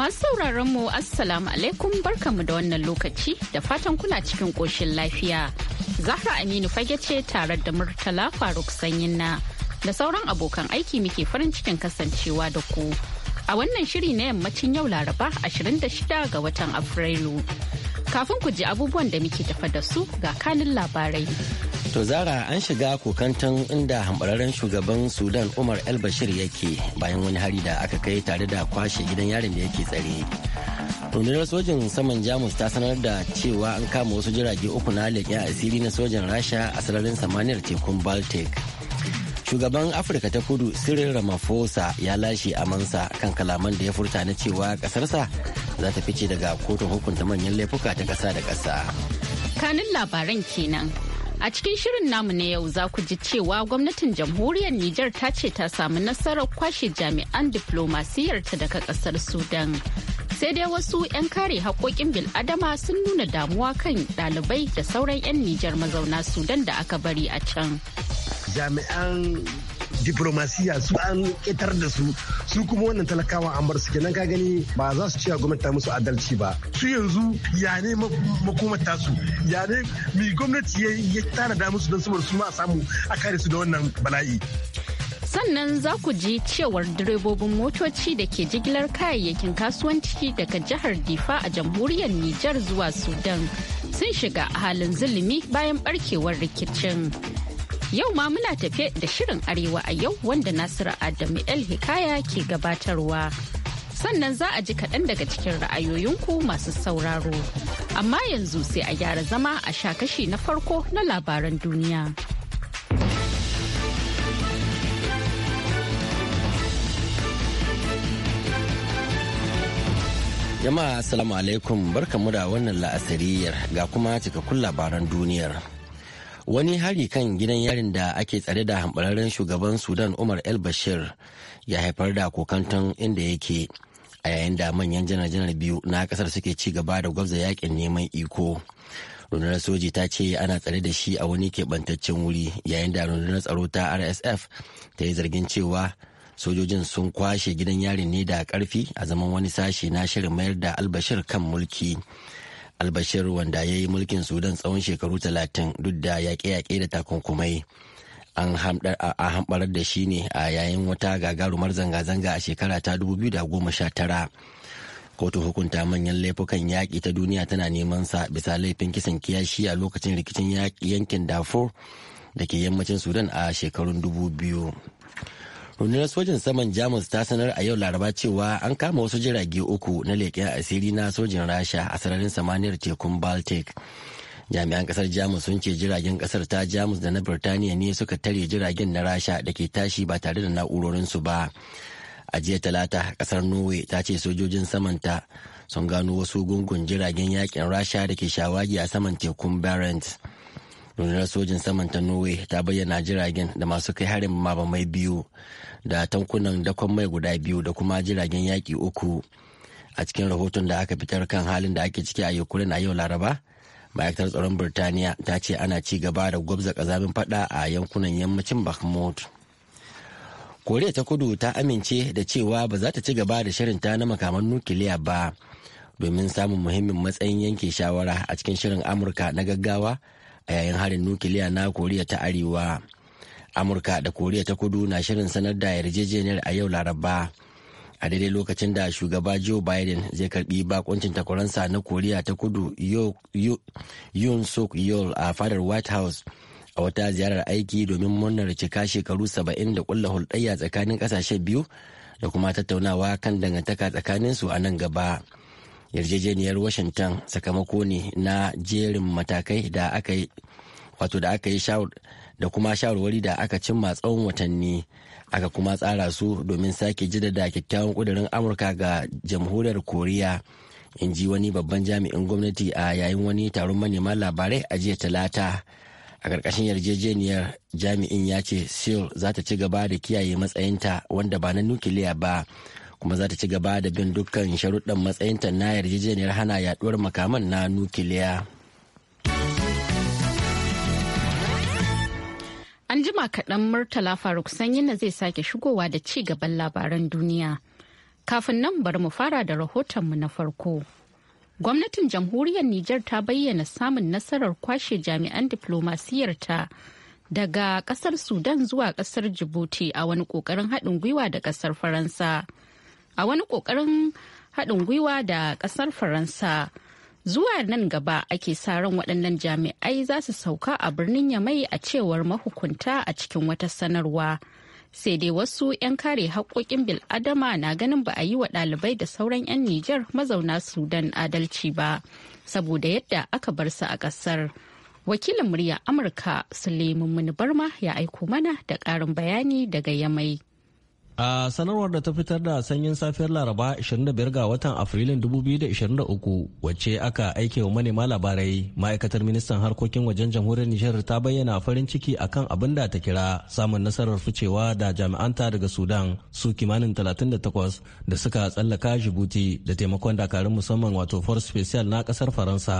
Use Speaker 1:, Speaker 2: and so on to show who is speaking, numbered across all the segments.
Speaker 1: Masu sauraron mu Assalamu alaikum barkamu da wannan lokaci da fatan kuna cikin ƙoshin lafiya. Zahra Aminu fage ce tare da Murtala Faruk Sanyin na da sauran abokan aiki muke farin cikin kasancewa da ku. A wannan shiri na yammacin yau Laraba 26 ga watan Afrilu. Kafin ku ji abubuwan da muke tafa da su ga kanin labarai.
Speaker 2: To zara an shiga kokantan inda hambararren shugaban Sudan Umar El Bashir yake bayan wani hari da aka kai tare da kwashe gidan yarin da yake tsare. rundunar sojin saman jamus ta sanar da cewa an kama wasu jirage uku na leƙen asiri na sojan rasha a sararin samaniyar tekun baltic shugaban afirka ta kudu cyril ramaphosa ya lashe amansa kan kalaman da ya furta na cewa ƙasarsa za ta fice daga kotun hukunta manyan laifuka ta kasa da ƙasa.
Speaker 1: kanin labaran kenan a cikin shirin namu na yau za ku ji cewa gwamnatin jamhuriyar nijar ta ce ta samu nasarar kwashe jami'an diflomasiyarta daga ƙasar sudan sai dai wasu 'yan kare haƙoƙin bil'adama sun nuna damuwa kan ɗalibai da sauran 'yan nijar mazauna sudan da aka bari a can
Speaker 3: jami'an diplomasiya su an ƙetar da su su kuma wannan talakawa an bar su kenan ka gani ba za su cewa gwamnati ta musu adalci ba su yanzu ya ne makomata su ya ne mi gwamnati ya da musu don saboda su ma a samu a kare su da wannan bala'i
Speaker 1: sannan za ku ji cewar direbobin motoci da ke jigilar kayayyakin kasuwanci daga jihar difa a jamhuriyar nijar zuwa sudan sun shiga halin zulumi bayan barkewar rikicin Yau ma muna tafe da shirin Arewa a yau wanda Nasiru Adamu El Hikaya ke gabatarwa. Sannan za a ji kaɗan daga cikin ra'ayoyinku masu sauraro. Amma yanzu sai a gyara zama a sha kashi na farko na labaran duniya.
Speaker 2: Jama'a Assalamu alaikum barkamu da wannan la'asariyar ga kuma cikakkun labaran duniyar. wani hari kan gidan yarin da ake tsare da hambararren shugaban sudan umar el bashir ya haifar da kokanton inda yake a yayin da manyan janar-janar biyu na kasar suke ci gaba da gwabza yakin neman iko rundunar soji ta ce ana tsare da shi a wani keɓantaccen wuri yayin da rundunar tsaro ta rsf ta yi zargin cewa sojojin sun kwashe gidan yarin ne da karfi a zaman wani sashe na shirin mayar da albashir kan mulki albashir wanda ya yi mulkin sudan tsawon shekaru talatin duk da yaƙe-yaƙe da takunkumai an hamɓarar da shi ne a yayin wata gagarumar zanga-zanga a shekara ta 2019 kotun hukunta manyan laifukan yaƙi ta duniya tana neman sa bisa laifin kisan kiyashi a lokacin rikicin yankin darfur da ke yammacin sudan a shekarun 2000 rundunar sojin saman jamus ta sanar a yau laraba cewa an kama wasu jirage uku na leƙen asiri na sojin rasha a sararin samaniyar tekun baltic jami'an ƙasar jamus sun ce jiragen ƙasar ta jamus da na birtaniya ne suka tare jiragen na rasha da ke tashi ba tare da na'urorinsu ba a jiya talata ƙasar norway ta ce sojojin samanta sun gano wasu gungun jiragen yakin rasha da ke shawagi a saman tekun barents rundunar sojin saman ta norway ta bayyana jiragen da masu kai harin mabamai biyu da tankunan dakon mai guda biyu da kuma jiragen yaƙi uku a cikin rahoton da aka fitar kan halin da ake ciki a ukraine a yau laraba ma'aikatar tsaron birtaniya ta ce ana ci gaba da gwabza kazamin fada a yankunan yammacin bakhmut koriya ta kudu ta amince da cewa ba za ta ci gaba da shirinta na makaman nukiliya ba domin samun muhimmin matsayin yanke shawara a cikin shirin amurka na gaggawa a yayin harin nukiliya na koriya ta arewa amurka da koriya ta kudu na shirin sanar da yarjejeniyar a yau laraba a daidai lokacin da shugaba joe biden zai karbi bakuncin takwaransa na koriya ta kudu yun suk yol a fadar white house a wata ziyarar aiki domin murnar cika shekaru saba'in da kulla hulɗayya tsakanin ƙasashe biyu da kuma tattaunawa kan dangantaka tsakanin su a nan gaba. yarjejeniyar washington sakamako ne na jerin matakai da aka yi wato da aka yi da kuma shawarwari da aka cimma tsawon watanni aka kuma tsara su domin sake jidada kyakkyawan kudirin amurka ga jamhuriyar koriya in ji wani babban jami'in gwamnati a yayin wani taron manema labarai a jiya talata a ƙarƙashin yarjejeniyar jami'in ya ce seoul za ta ci gaba da kiyaye matsayinta wanda ba na nukiliya ba kuma za ta ci gaba da bin dukkan sharuɗan matsayinta na yarjejeniyar hana yaduwar makaman na nukiliya.
Speaker 1: An jima kaɗan Murtala Faruk Sanyin na zai sake shigowa da ci gaban labaran duniya. Kafin nan bari mu fara da rahotonmu na farko. Gwamnatin jamhuriyar Nijar ta bayyana samun nasarar kwashe jami'an diflomasiyarta daga ƙasar Sudan zuwa ƙasar Djibouti a wani ƙoƙarin haɗin gwiwa da ƙasar Faransa. a wani kokarin haɗin gwiwa da ƙasar faransa zuwa nan gaba ake sa ran waɗannan jami'ai za su sauka a birnin yamai a cewar mahukunta a cikin wata sanarwa sai dai wasu 'yan kare haƙoƙin bil'adama na ganin ba a yi wa ɗalibai da sauran 'yan nijar mazauna sudan adalci ba saboda yadda aka bar su a ƙasar wakilin murya amurka suleiman munibarma ya aiko mana da ƙarin bayani daga yamai
Speaker 3: A sanarwar da ta fitar da sanyin safiyar Laraba 25 ga watan Afrilun 2023 wacce aka aike wa manema labarai ma'aikatar ministan harkokin wajen jamhuriyar Nijar ta bayyana farin ciki akan abin da ta kira samun nasarar ficewa da jami'anta daga Sudan su kimanin 38 da suka tsallaka Jibuti da taimakon dakarun musamman wato Force Special na kasar Faransa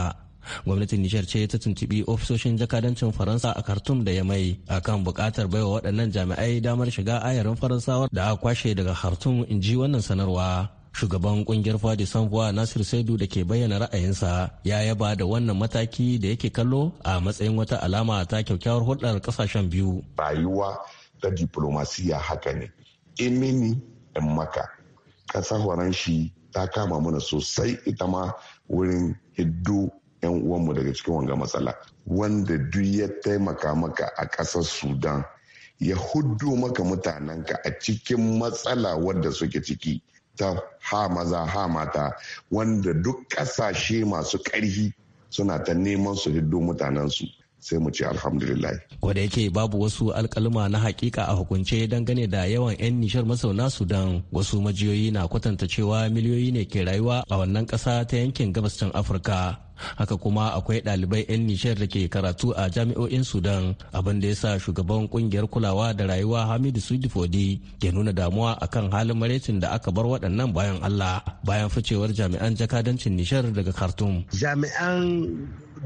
Speaker 3: gwamnatin nijar ce ta tuntubi ofisoshin jakadancin faransa a khartoum da ya mai. a akan bukatar baiwa waɗannan jami'ai damar shiga ayarin faransawa da aka kwashe daga khartoum in ji wannan sanarwa shugaban kungiyar fadi sanfuwa nasir saidu da ke bayyana ra'ayinsa ya yaba da wannan mataki da yake kallo a matsayin wata alama ta kyakkyawar hulɗar kasashen biyu
Speaker 4: rayuwa ta diplomasiya haka ne imini in maka ƙasa horon shi ta kama mana sosai ita ma wurin hiddu 'yan uwanmu daga cikin wanga matsala wanda duk ya taimaka maka a ƙasar sudan ya hudu maka mutanenka a cikin matsala wadda suke ciki ta ha maza ha mata wanda duk ƙasashe masu ƙarfi suna ta neman su hiddo mutanensu sai mu ce alhamdulillah.
Speaker 3: Wadda yake babu wasu alkalma na hakika a hukunce dangane da yawan 'yan nishar masauna Sudan wasu majiyoyi na kwatanta cewa miliyoyi ne ke rayuwa a wannan ƙasa ta yankin gabas can Afirka. haka kuma akwai ɗalibai 'yan nishar da ke karatu a jami'o'in sudan abin da ya sa shugaban kungiyar kulawa da rayuwa hamidu sudifodi ke nuna damuwa akan halin maraicin da aka bar waɗannan bayan allah bayan ficewar jami'an jakadancin nishar daga khartoum jami'an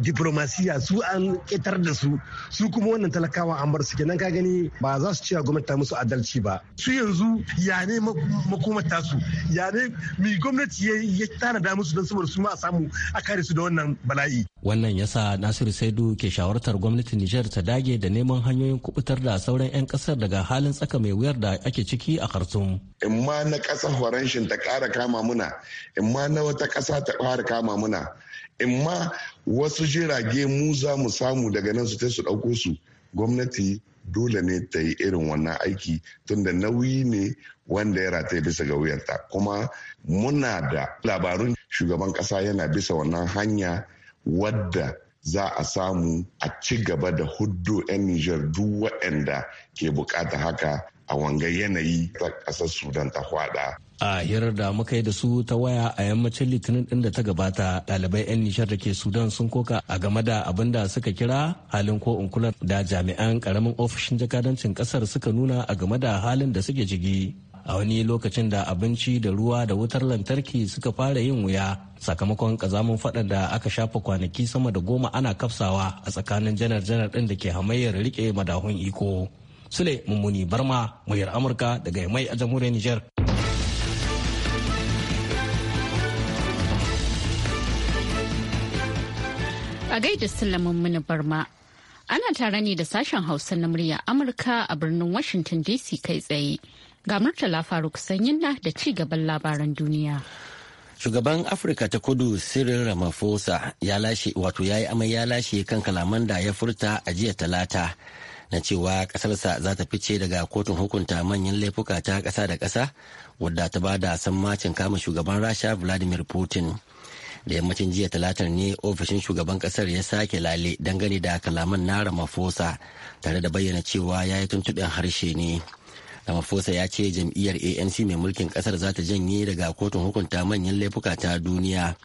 Speaker 3: diplomasiya su an ƙetar da su su kuma wannan talakawa an bar su kenan ka gani ba za su cewa gwamnati ta musu adalci ba su yanzu ya ne makomata su ya ne mi gwamnati ya tanada musu don saboda su ma a samu a kare su da wannan bala'i wannan yasa nasiru saidu ke shawartar gwamnatin nijar ta dage da neman hanyoyin kubutar da sauran 'yan kasar daga halin tsaka mai wuyar da ake ciki a khartoum
Speaker 4: in ma na ƙasa ta ƙara kama muna in na wata ƙasa ta ƙara kama muna in ma wasu jirage mu za mu samu daga nan su ta su ɗauko su gwamnati dole ne ta yi irin wannan aiki tunda nauyi ne wanda ya rataye bisa ga wuyarta kuma muna da labarun shugaban ƙasa yana bisa wannan hanya wadda za a samu a ci gaba da huddo 'yan Nijar duk waɗanda ke bukata haka a wanga yanayi ta ƙasar Sudan ta hwada.
Speaker 3: A hirar da muka yi da su ta waya a yammacin litinin ɗin da ta gabata ɗalibai 'yan nishar da ke Sudan sun koka a game da abin da suka kira halin ko unkular da jami'an ƙaramin ofishin jakadancin ƙasar suka nuna a game da halin da suke jigi. a wani lokacin da abinci da ruwa da wutar lantarki suka fara yin wuya sakamakon kazamin faɗan da aka shafa kwanaki sama da goma ana kafsawa a tsakanin janar-janar ɗin da ke hamayyar rike madahun iko sule mummuni barma muyar amurka daga mai a jamhuriyar niger
Speaker 1: a gaida sule mini barma ana tare ne da sashen hausa na murya amurka a birnin washington dc kai tsaye Ga Murtala Faruk Sanyinna da ci gaban labaran duniya.
Speaker 2: Shugaban Afirka ta kudu Cyril Ramaphosa ya lashe wato ya yi amai ya lashe kan kalaman da ya furta a jiya talata na cewa kasarsa za ta fice daga kotun hukunta manyan laifuka ta kasa da kasa wadda ta bada sammacin kama shugaban Rasha Vladimir Putin. da yammacin jiya talatar ne ofishin shugaban kasar ya sake lale dangane da kalaman na ramaphosa tare da bayyana cewa ya yi tuntuɓin harshe ne Ramaphosa ya ce jam'iyyar ANC mai mulkin kasar za ta janye daga kotun hukunta manyan laifuka ta duniya.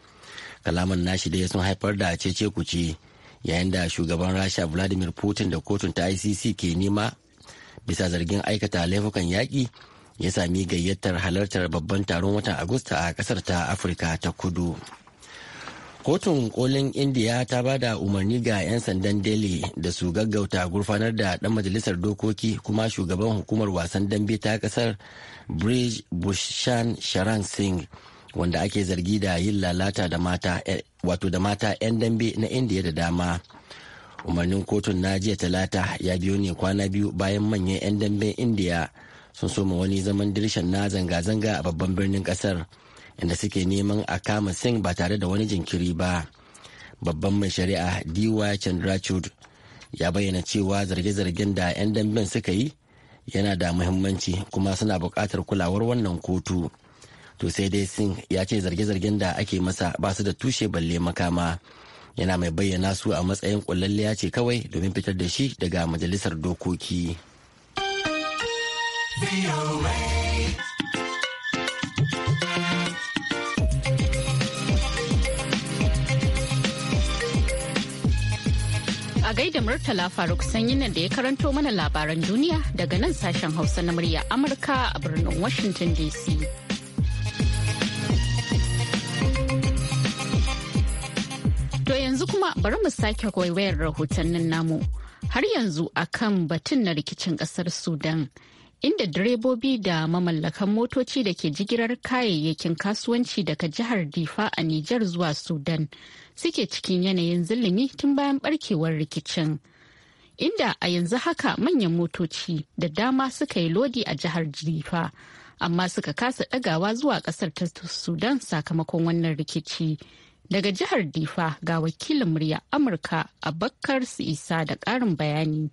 Speaker 2: Kalaman nashi dai sun haifar da cece kuce yayin da shugaban Rasha Vladimir Putin da kotun ta ICC ke nema bisa zargin aikata laifukan yaƙi ya sami gayyatar halartar babban taron watan Agusta a kasar ta Afirka ta kudu. kotun kolin indiya ta ba da umarni ga 'yan sandan delhi da su gaggauta gurfanar da dan majalisar dokoki kuma shugaban hukumar wasan dambe ta kasar bridge bushan sharan singh wanda ake zargi da yin lalata da mata eh, wato da mata 'yan dambe na indiya da dama umarnin kotun na jiya talata ya biyo ne kwana biyu bayan manyan 'yan damben indiya sun soma wani zaman dirshan na zanga-zanga a babban birnin kasar. inda suke neman a kama singh ba tare da wani jinkiri ba babban mai shari'a diwa chandrachud ya bayyana cewa zarge-zargen da 'yan damben suka yi yana da muhimmanci kuma suna buƙatar kulawar wannan kotu to sai dai singh ya ce zarge-zargen da ake masa ba su da tushe balle makama yana mai bayyana su a matsayin kullalliya ce kawai domin fitar da shi daga majalisar dokoki.
Speaker 1: da Murtala Faruk sanyin da ya karanto mana labaran duniya daga nan sashen Hausa na murya Amurka a birnin Washington DC. To yanzu kuma bari mu sake waiwayar rahotannin namu har yanzu akan batun na rikicin kasar Sudan. Inda direbobi da mamallakan motoci da ke jigilar kayayyakin kasuwanci daga jihar Difa a Nijar zuwa Sudan suke cikin yanayin zulumi tun bayan barkewar rikicin. Inda a yanzu haka manyan motoci da dama suka yi lodi a jihar Jifa, amma suka kasa ɗagawa zuwa ƙasar ta Sudan sakamakon wannan rikici. Daga jihar Difa ga wakilin murya Amurka a Bakkar Isa da ƙarin bayani.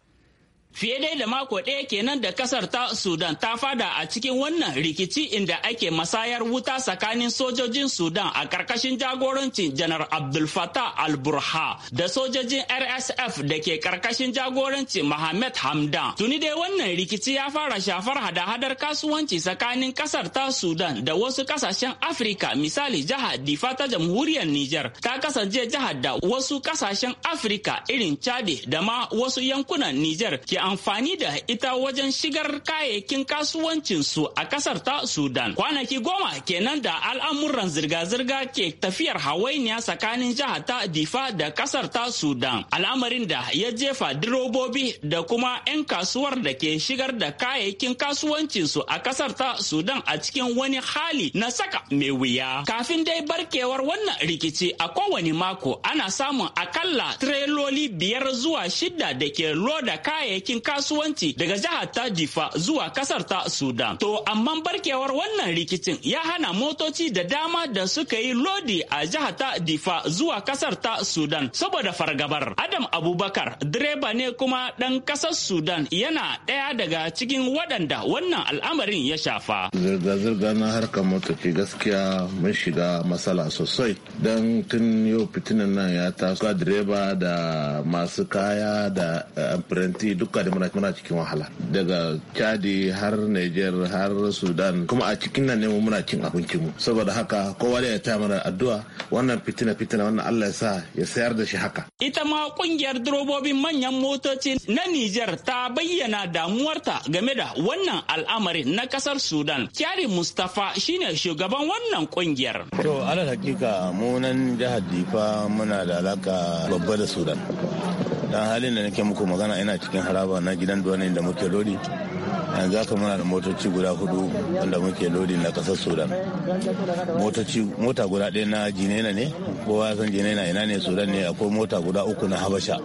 Speaker 5: Fiye dai da mako ɗaya kenan da kasar ta Sudan ta fada a cikin wannan rikici inda ake masayar wuta tsakanin sojojin Sudan a ƙarƙashin jagorancin Janar Abdul Fattah al-Burha da sojojin RSF da ke ƙarƙashin jagorancin Mohamed Hamdan. Tuni dai wannan rikici ya fara shafar hada-hadar kasuwanci tsakanin kasar ta Sudan da wasu kasashen Afirka misali jihar Difa ta jamhuriyar Nijar ta kasance jihar da wasu kasashen Afirka irin Chade da ma wasu yankunan Nijar ke amfani da ita wajen shigar kayayyakin kasuwancinsu a kasar ta Sudan. Kwanaki goma kenan da al'amuran zirga-zirga ke tafiyar hawainiya tsakanin jihar ta Difa da kasar ta Sudan. Al'amarin da ya jefa direbobi da kuma 'yan kasuwar da ke shigar da kayayyakin kasuwancinsu a kasar ta Sudan a cikin wani hali na saka mai wuya. Kafin dai barkewar wannan rikici a kowane mako ana samun akalla tireloli biyar zuwa shida da ke loda kayayyakin harkokin kasuwanci daga jihar ta Difa zuwa kasar ta Sudan. To amma barkewar wannan rikicin ya hana motoci da dama da suka yi lodi a jihar ta Difa zuwa kasar ta Sudan saboda fargabar. Adam Abubakar direba ne kuma dan kasar Sudan yana daya daga cikin waɗanda wannan al'amarin ya shafa. Zirga-zirga na
Speaker 6: harkar motoci gaskiya mun shiga matsala sosai don tun yau fitinan nan ya taso direba da masu kaya da apprenti duka da muna muna cikin wahala daga chadi har niger har sudan kuma a cikin nan ne muna cin abincin mu saboda haka kowa da ya ta mana addu'a wannan fitina fitina wannan allah ya sa ya sayar da shi haka
Speaker 5: ita ma kungiyar durobobin manyan motoci na niger ta bayyana damuwarta game da wannan al'amari na kasar sudan kyari mustafa shine shugaban wannan kungiyar
Speaker 6: to alal hakika mu nan jihar difa muna da alaka babba da sudan dan halin da nake muku magana ina cikin haraba na gidan duwanin da muke lodi yanzu haka muna da motoci guda hudu wanda muke lodi na kasar sudan motoci mota guda ɗaya na jinena ne kowa san jinena ina ne sudan ne akwai mota guda uku na habasha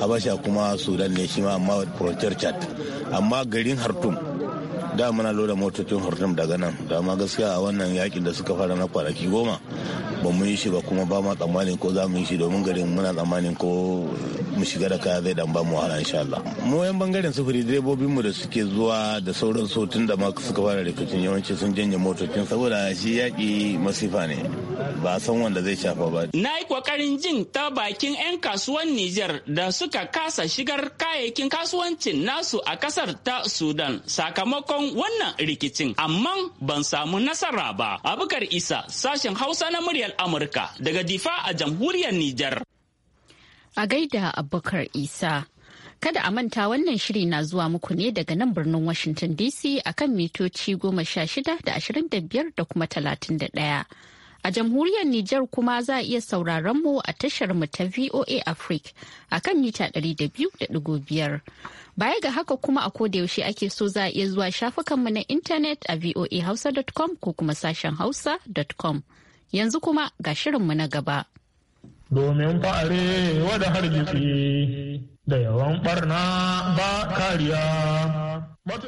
Speaker 6: habasha kuma sudan ne shi ma amma chat amma garin hartum da muna loda motocin hurtum daga nan da ma gaskiya a wannan yakin da suka fara na kwanaki goma ba mu yi shi ba kuma ba ma tsammanin ko za mu yi shi domin garin muna tsammanin ko mu shiga da kaya zai dan ba mu wahala insha Allah mu yan bangaren sufuri direbobin mu da suke zuwa da sauran sautin da ma suka fara rikicin yawanci sun janye motocin
Speaker 5: saboda shi yaki masifa
Speaker 6: ne ba san wanda zai shafa ba.
Speaker 5: Na yi kokarin jin ta bakin 'yan kasuwan Nijar da suka kasa shigar kayayyakin kasuwancin nasu a kasar ta Sudan sakamakon wannan rikicin, amma ban samu nasara ba. Abukar Isa sashen Hausa na muryar Amurka daga Difa a jamhuriyar Nijar.
Speaker 1: A gaida Abubakar Isa. Kada a manta wannan shiri na zuwa muku ne daga nan birnin Washington DC akan mitoci goma sha shida da ashirin da biyar da kuma talatin da ɗaya. A jamhuriyar Nijar kuma za a iya sauraron mu a tashar mu ta VOA Africa a kan mita 200.5. Baya ga haka kuma a yaushe ake so za a iya zuwa shafukanmu na intanet a voahausa.com ko kuma sashen hausa.com. Yanzu kuma ga shirinmu na gaba.
Speaker 5: Domin fa'are wada hargitsi da yawan barna ba kariya.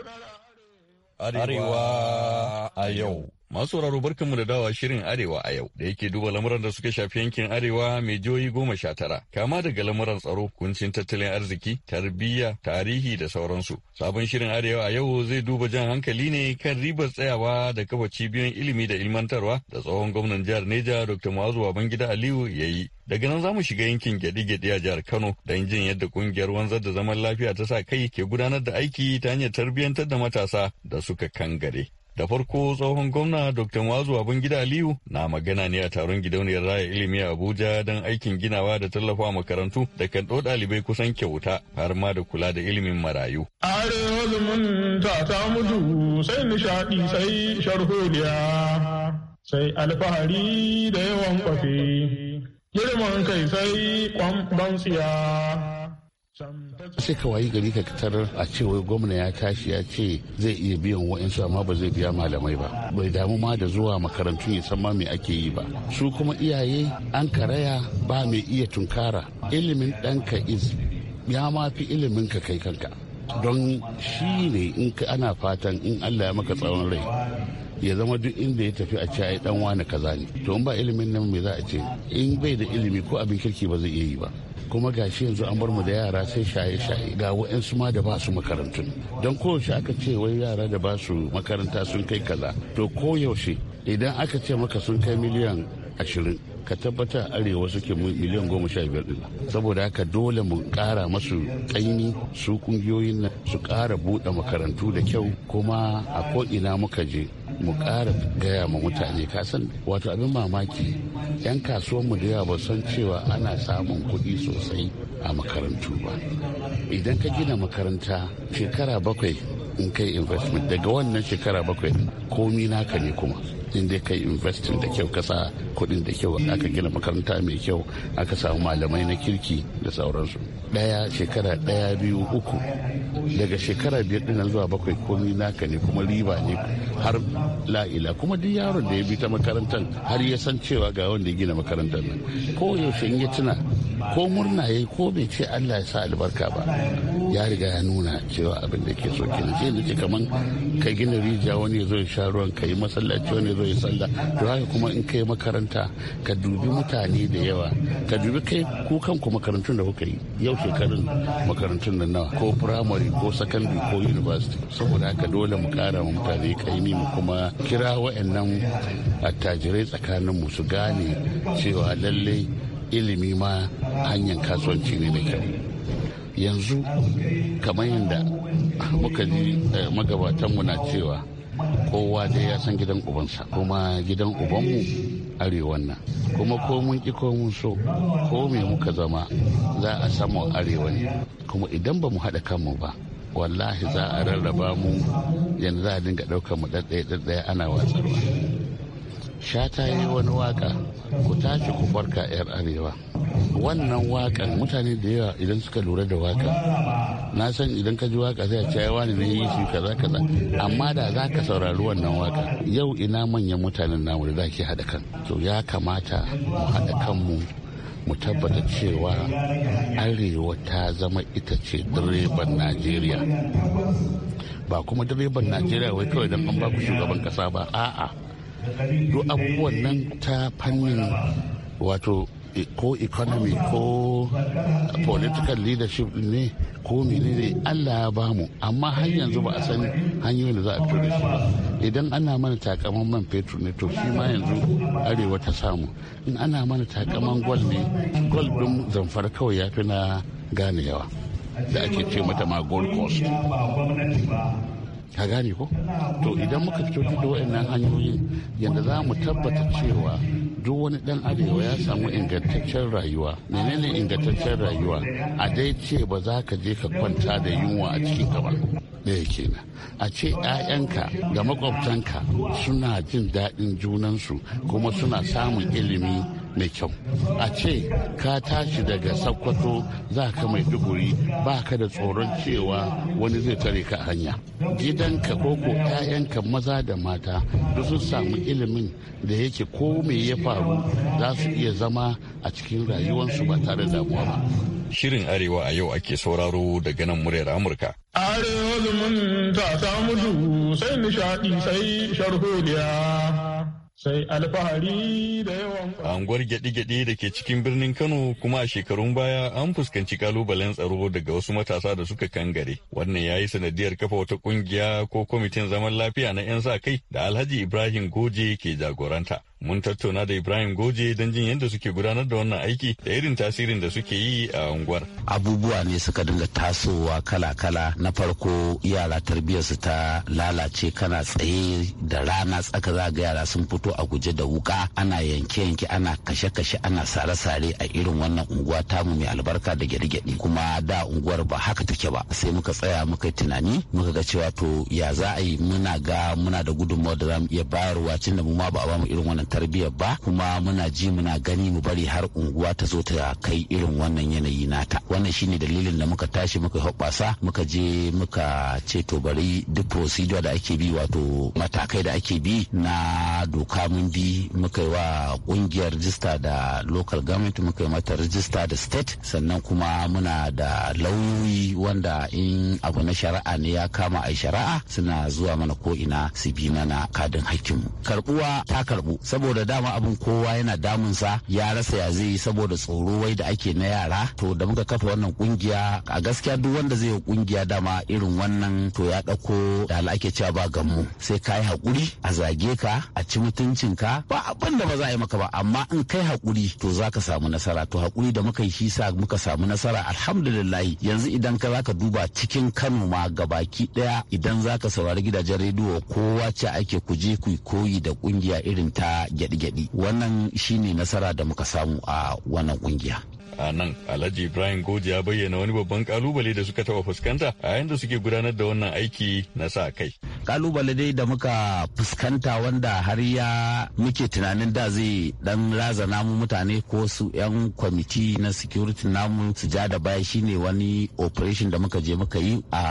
Speaker 7: Arewa a yau. Masu sauraro barkanmu da dawa shirin Arewa a yau da yake duba lamuran da suka shafi yankin Arewa mai jihohi goma sha tara. Kama daga lamuran tsaro, kuncin tattalin arziki, tarbiyya, tarihi da sauransu. Sabon shirin Arewa a yau zai duba jan hankali ne kan ribar tsayawa da kafa cibiyoyin ilimi da ilmantarwa da tsohon gwamnan jihar Neja Dr. Mu'azu Babangida Aliyu ya yi. Daga nan za mu shiga yankin gyaɗe-gyaɗe a jihar Kano don jin yadda kungiyar wanzar da zaman lafiya ta sa kai ke gudanar da aiki ta hanyar tarbiyyantar da matasa da suka kangare. Da farko tsohon gwamna Dr. Wazu Gida Aliyu na magana ne a taron gidauniyar raya ilimi a Abuja don aikin ginawa da tallafa makarantu da kan ɗo ɗalibai kusan kyauta har ma da kula da ilimin marayu. Arewa zumunta ta mutu sai nishaɗi sai sharholiya sai alfahari da yawan kwafe girman kai sai kwamban siya.
Speaker 8: sai ka wayi gari ka tarar a cewa gwamna ya tashi ya ce zai iya biyan wa'insu amma ba zai biya malamai ba bai damu ma da zuwa makarantun ya san ma me ake yi ba su kuma iyaye an karaya ba mai iya tunkara ilimin ɗanka is ya ma fi ilimin ka kai kanka don shi ne in ana fatan in allah ya maka tsawon rai ya zama duk inda ya tafi a ce ai dan wani kaza ne to in ba ilimin nan me za a ce in bai da ilimi ko abin kirki ba zai iya yi ba kuma gashi yanzu an bar mu da yara sai shaye-shaye ga wa'yansu ma da ba su makarantun don koyaushe aka ce wai yara da ba su makaranta sun kai kaza to koyaushe idan aka ce maka sun kai miliyan ashirin ka tabbatar arewa suke miliyan goma sha biyar din saboda haka dole mu kara masu kaini su kungiyoyin nan su kara buɗe makarantu da kyau kuma a ko ina muka je mu ƙara gaya ma mutane kasan wato abin mamaki 'yan kasuwanmu da yawa ba san cewa ana samun kuɗi sosai a makarantu ba idan ka gina makaranta shekara bakwai in kai investment daga wannan shekara bakwai komi naka ne kuma in dai kai investin da kyau ka sa kuɗin da kyau aka gina makaranta mai kyau aka samu malamai na kirki da sauransu ɗaya shekara ɗaya biyu uku daga shekara biyar ɗin zuwa bakwai komi naka ne kuma riba ne har la'ila kuma duk yaron da ya bi ta makarantar har ya san cewa ga wanda ya gina makarantar nan ko yaushe in ya tuna ko murna ya yi ko bai ce Allah ya sa albarka ba ya riga ya nuna cewa abin da ke so kenan ce da ce kaman ka gina rijiya wani zo ya sha ruwan ka yi masallaci wani zo ya sallah to haka kuma in kai makaranta ka dubi mutane da yawa ka dubi kai ku kanku makarantun da kuka yi yau shekarun makarantun da nawa ko primary ko secondary ko university saboda haka dole mu kara wa mutane kaimi mu kuma kira wa'annan attajirai tsakanin mu su gane cewa lallai ilimi ma hanyar kasuwanci ne mai kyau yanzu kamar yadda muka ji eh, magabatanmu na cewa kowa dai ya san gidan ubansa kuma gidan ubanmu arewan nan kuma ko mun ki ko mun so ko me muka zama za a samu arewa ne kuma idan ba mu haɗa kanmu ba wallahi za a rarraba mu yanzu za a dinga ɗaukar mu ɗaɗɗaya ɗaɗɗaya ana watsarwa shata ta yi wani waka ku tashi ku farka 'yar arewa wannan wakan mutane da yawa idan suka lura da waka na san idan ka ji waka sai a ce wani ne yi shi kaza kaza amma da za ka saurari wannan waka yau ina manyan mutanen namu da zaki haɗa kan to ya kamata mu haɗa kanmu mu tabbata cewa arewa ta zama ita ce direban najeriya ba kuma direban najeriya wai kawai don an ba ku shugaban kasa ba a'a duk abubuwan nan ta fannin wato e, ko economy ko political leadership ne ko ne Allah ya mu amma har yanzu ba a san hanyoyin da za a fito da shi ba idan ana mana takaman man fetur ne to shi ma yanzu arewa ta samu in ana mana takaman gwal ne gwal din zamfara kawai ya fi na gane yawa da ake ce mata ma gold coast ka gane ko to idan muka fito duk da waɗannan hanyoyin yadda za mu tabbata cewa duk wani dan arewa ya samu ingantaccen rayuwa menene ingantaccen rayuwa a dai ce ba za ka je ka kwanta da yunwa a cikin gaba ɗaya kenan a ce 'ya'yanka da makwabtanka suna jin daɗin junansu kuma suna samun ilimi mai kyau a ce ka tashi daga sakkwato za ka mai duguri ba ka da tsoron cewa wani zai tare ka hanya gidanka ko ko 'ya'yanka maza da mata duk sun samu ilimin da yake ko me ya faru za su iya zama a cikin rayuwarsu ba
Speaker 7: tare da damuwa ba shirin arewa a yau ake sauraro daga nan muryar amurka
Speaker 6: arewa
Speaker 7: zumunta ta mutu sai nishadi sai
Speaker 6: sai alfahari
Speaker 7: da yawan a unguwar gyaɗe-gyaɗe da ke cikin birnin kano kuma a shekarun baya an fuskanci kalubalen tsaro daga wasu matasa da suka kangare wannan ya yi sanadiyar kafa wata ƙungiya ko kwamitin zaman lafiya na 'yan sa kai da alhaji ibrahim goje ke jagoranta Mun tattauna da Ibrahim Goje don jin yadda suke gudanar da wannan aiki da irin tasirin da suke yi a unguwar.
Speaker 9: Abubuwa ne suka dinga
Speaker 7: tasowa kala-kala na farko
Speaker 9: yara tarbiyyarsu ta lalace kana tsaye da rana tsaka za ga yara sun fito a guje da wuka ana yanke-yanke ana kashe-kashe ana sare-sare a irin wannan unguwa tamu mai albarka da gyaɗe-gyaɗe kuma da unguwar ba haka take ba sai muka tsaya muka tunani muka ga cewa to ya za a yi muna ga muna da gudunmawar da za mu iya bayarwa tun da mu ma ba a mu irin wannan tarbiyyar ba kuma muna ji muna gani mu bari har unguwa ta zo ta kai irin wannan yanayi nata wannan shine dalilin da muka tashi muka hoɓasa muka je muka ce to bari duk procedure da ake bi wato matakai da ake bi na doka mun bi muka yi wa kungiyar register da local government muka yi mata register da state sannan kuma muna da lauyoyi wanda in abu na shari'a ne ya kama a shari'a suna zuwa mana ko ina su bi mana kadin hakkinmu karbuwa ta karbu saboda dama abin kowa yana damunsa ya rasa ya zai yi saboda tsoro wai da ake na yara to da muka kafa wannan kungiya a gaskiya duk wanda zai yi kungiya dama irin wannan to ya dauko da ake cewa ba gamu sai kai hakuri a zage ka a ci mutuncin ka ba abin da ba za a yi maka ba amma in kai hakuri to za ka samu nasara to hakuri da muka yi shi sa muka samu nasara alhamdulillah yanzu idan ka zaka duba cikin Kano ma gabaki daya idan zaka saurari gidajen rediyo kowa ce ake kuje ku koyi da kungiya irin ta Gyadi gyaɗi wannan shine nasara da muka samu a wannan kungiya
Speaker 7: a nan alhaji ibrahim goji ya bayyana wani babban kalubale da suka taɓa fuskanta a yayin da suke gudanar da wannan aiki na sa kai
Speaker 9: kalubale dai da muka fuskanta wanda har ya muke tunanin da zai dan razana namu mutane ko su 'yan kwamiti na security namu su ja da baya shine wani operation da muka je muka yi a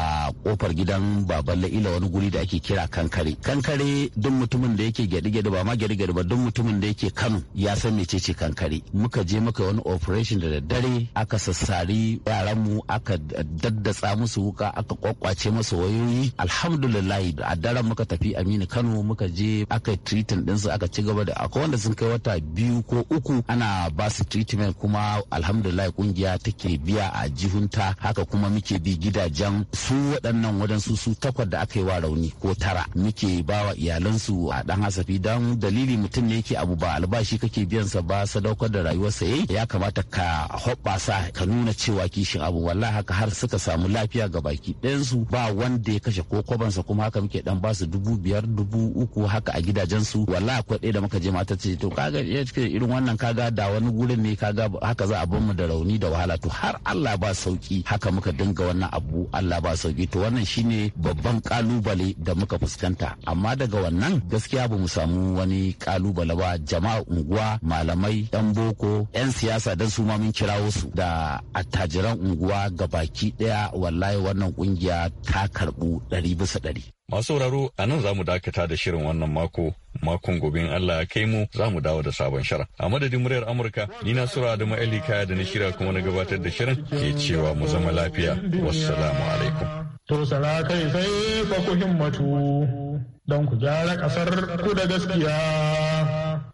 Speaker 9: kofar gidan baban la'ila wani guri da ake kira kankare kankare duk mutumin da yake gyaɗi-gyaɗi ba ma gyaɗi-gyaɗi ba duk mutumin da yake kano ya san mecece kankare muka je muka wani operation da daddare aka sassari yaranmu aka daddatsa musu wuka aka kwakwace musu wayoyi alhamdulillah a daren muka tafi aminu kano muka je aka treatment su aka ci gaba da akwai wanda sun kai wata biyu ko uku ana ba su treatment kuma alhamdulillah kungiya take biya a jihunta haka kuma muke bi gidajen su waɗannan wadansu su takwas da aka yi wa rauni ko tara muke ba wa iyalansu a ɗan hasafi dan dalili mutum ne yake abu ba albashi kake sa ba sadaukar da rayuwarsa yayi ya kamata ka hoɓɓasa ka nuna cewa kishin abu wallahi haka har suka samu lafiya ga baki ɗayansu ba wanda ya kashe ko kwabansa kuma haka muke kake dan basu dubu biyar dubu uku haka a gidajensu walla akwai ɗaya da muka je mata ce to kaga ya irin wannan kaga da wani gurin ne kaga haka za a bar mu da rauni da wahala to har Allah ba sauki haka muka dinga wannan abu Allah ba sauki to wannan shine babban kalubale da muka fuskanta amma daga wannan gaskiya ba mu samu wani kalubale ba jama'a unguwa malamai yan boko yan siyasa dan su ma mun kirawo su da attajiran unguwa ga baki daya wallahi wannan kungiya ta karbu
Speaker 7: ɗari bisa ɗari. Masu sauraro a nan za mu dakata da shirin wannan mako, makon gobe in Allah ya kai mu za mu dawo da sabon shara. A madadin muryar Amurka, ni na sura da ma'ali kaya da na shirya kuma na gabatar da shirin ke cewa mu zama lafiya. Wassalamu alaikum.
Speaker 6: To sala kai sai fa ku himmatu don ku gyara kasar ku da gaskiya.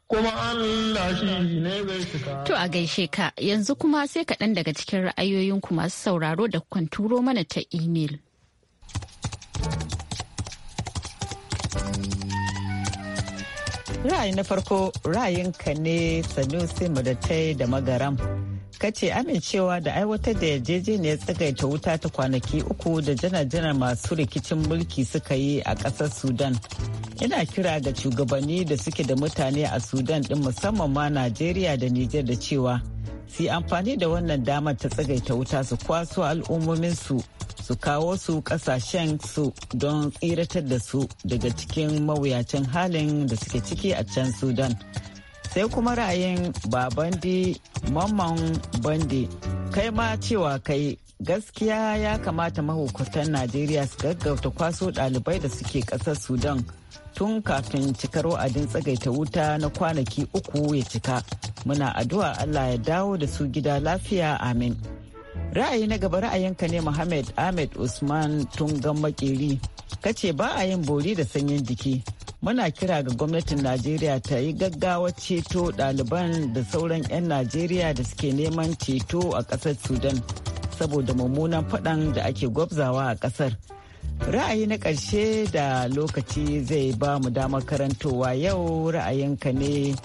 Speaker 6: Kuma Allah ne zai
Speaker 1: To a gaishe ka yanzu kuma sai kaɗan daga cikin ra'ayoyinku masu sauraro da kwanturo turo mana ta imel.
Speaker 10: Ra'ayi na farko ra'ayinka ne Sanusi Madatai da Magaram. kace amincewa da aiwatar da yarjejeniyar tsagaita wuta ta kwanaki uku da janar-janar masu rikicin mulki suka yi a ƙasar sudan ina kira ga shugabanni da suke da mutane a sudan din musamman ma najeriya da nijar da cewa su yi amfani da wannan damar ta tsagaita wuta su kwaso al'ummomin su su kawo su kasashen su don tsiratar da su daga cikin mawuyacin halin da suke ciki a can sudan sai kuma ra'ayin babandi mamman bandi kai ma cewa kai gaskiya ya kamata mahukuntan najeriya su gaggauta kwaso ɗalibai da suke ƙasar sudan tun kafin cikar wa'adin tsagaita wuta na kwanaki uku ya cika muna addu'a allah ya dawo da su gida lafiya amin ra'ayi na gaba ra'ayinka ne Muhammad Ahmed Usman Tungan Makeri kace ba a yin bori da sanyin jiki muna kira ga gwamnatin Najeriya ta yi gaggawa ceto ɗaliban da sauran 'yan Najeriya da suke neman ceto a ƙasar Sudan saboda mummunan faɗan da ake gwabzawa a ƙasar. Ra'ayi na ƙarshe da lokaci zai ba mu damar karantowa yau ra'ayinka ne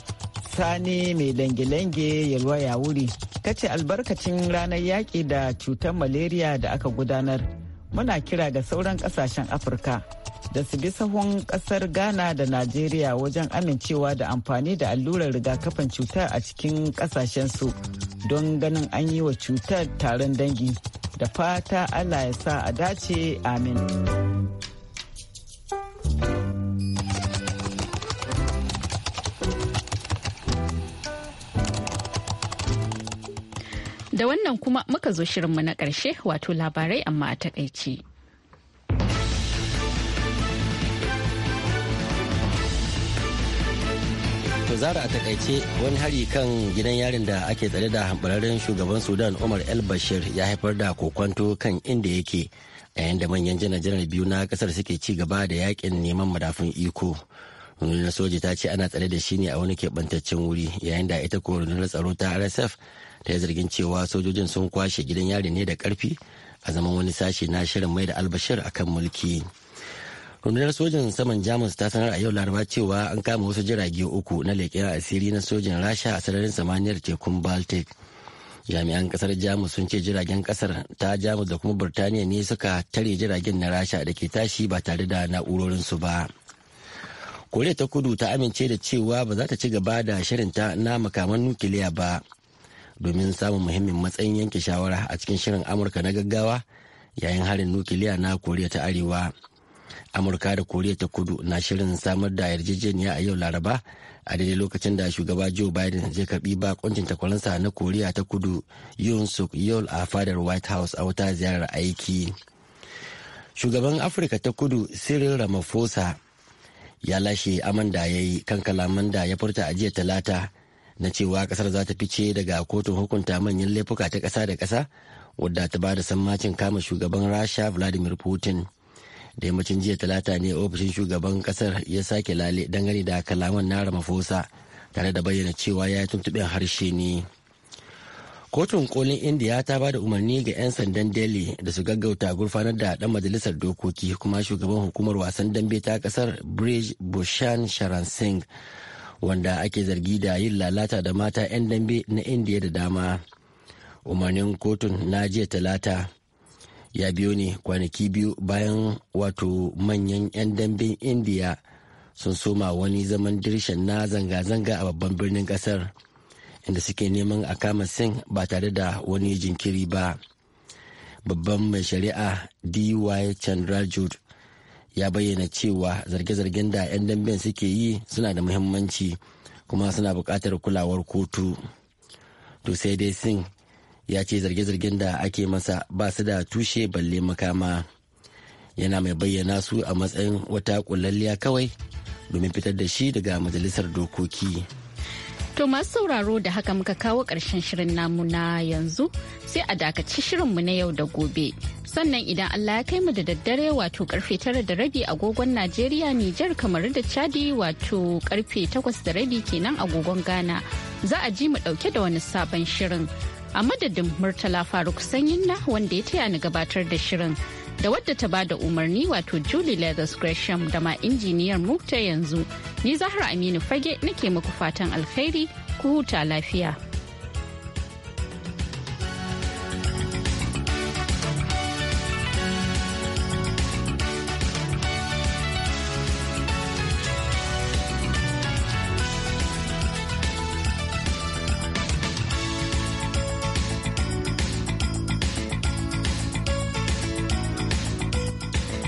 Speaker 10: sani mai lange-lange yalwa ya wuri. Kace albarkacin ranar yaƙi da cutar malaria da aka gudanar. Muna kira ga sauran ƙasashen Afirka da su bi sahun ƙasar Ghana da Najeriya wajen amincewa da amfani da allurar rigakafin cutar a cikin ƙasashensu don ganin an yi wa cutar taron dangi. da fata allah ya sa a dace amin
Speaker 1: da wannan kuma muka zo shirinmu na ƙarshe wato labarai amma a takaici.
Speaker 2: To zara a takaice wani hari kan gidan yarin da ake tsare da hambararren shugaban Sudan Umar El Bashir ya haifar da kokwanto kan inda yake yayin da manyan janar-janar biyu na kasar suke ci gaba da yakin neman madafun iko. Rundunar soji ta ce ana tsare da shi ne a wani keɓantaccen wuri yayin da ita ko rundunar tsaro ta RSF ta yi zargin cewa sojojin sun kwashe gidan yari ne da ƙarfi a zaman wani sashi na shirin mai da albashir akan mulki. rundunar sojan saman jamus ta sanar a yau laraba cewa an kama wasu jirage uku na leƙen asiri na sojan rasha a sararin samaniyar tekun baltic jami'an kasar jamus sun ce jiragen kasar ta jamus da kuma burtaniya ne suka tare jiragen na rasha da ke tashi ba tare da na'urorinsu ba koriya ta kudu ta amince da cewa ba za ta ci gaba da shirinta na makaman nukiliya ba domin samun muhimmin matsayin yanke shawara a cikin shirin amurka na gaggawa yayin harin nukiliya na koriya ta arewa amurka da koriya ta kudu na shirin samar da yarjejeniya a yau laraba a daidai lokacin da shugaba joe biden zai karbi bakuncin takwaransa na koriya ta kudu yun suk yol a fadar white house a wata ziyarar aiki shugaban afirka ta kudu cyril ramaphosa ya lashe aman da ya yi kan kalaman da ya furta a jiya talata na cewa kasar za ta fice daga kotun hukunta manyan laifuka ta kasa da kasa wadda ta ba da sammacin kama shugaban rasha vladimir putin da yammacin jiya talata ne ofishin shugaban kasar ya sake lale dangane da kalaman na ramaphosa tare da bayyana cewa ya yi tuntuɓin harshe ne kotun kolin indiya ta ba da umarni ga 'yan sandan delhi da su gaggauta gurfanar da dan majalisar dokoki kuma shugaban hukumar wasan dambe ta kasar bridge bushan sharan singh wanda ake zargi da yin lalata da mata 'yan dambe na indiya da dama umarnin kotun na jiya talata ya biyo ne kwanaki biyu bayan wato manyan 'yan damben indiya sun soma wani zaman dirshan na zanga-zanga a babban birnin kasar inda suke neman a kama sin ba tare da wani jinkiri ba babban mai shari'a dy chandrajud ya bayyana cewa zarge-zargen da 'yan damben suke yi suna da muhimmanci kuma suna buƙatar kulawar kotu to sai dai sin. ya ce zarge-zargen da ake masa ba su da tushe balle makama yana mai bayyana su a matsayin wata kullalliya kawai domin fitar da shi daga majalisar
Speaker 9: dokoki
Speaker 1: to masu sauraro da haka muka kawo ƙarshen shirin namu na yanzu sai a dakaci shirinmu na yau da gobe sannan idan allah ya kai mu da daddare wato karfe tara da rabi agogon najeriya nijar kamar da chadi wato karfe takwas da rabi kenan agogon ghana za a ji mu dauke da wani sabon shirin a madadin murtala faruk sanyin na wanda ya taya ni gabatar da shirin da wadda ta ba da umarni wato julie leathers gresham da ma injiniyar mu ta yanzu ni zahra aminu fage nake muku fatan alkhairi ku huta lafiya.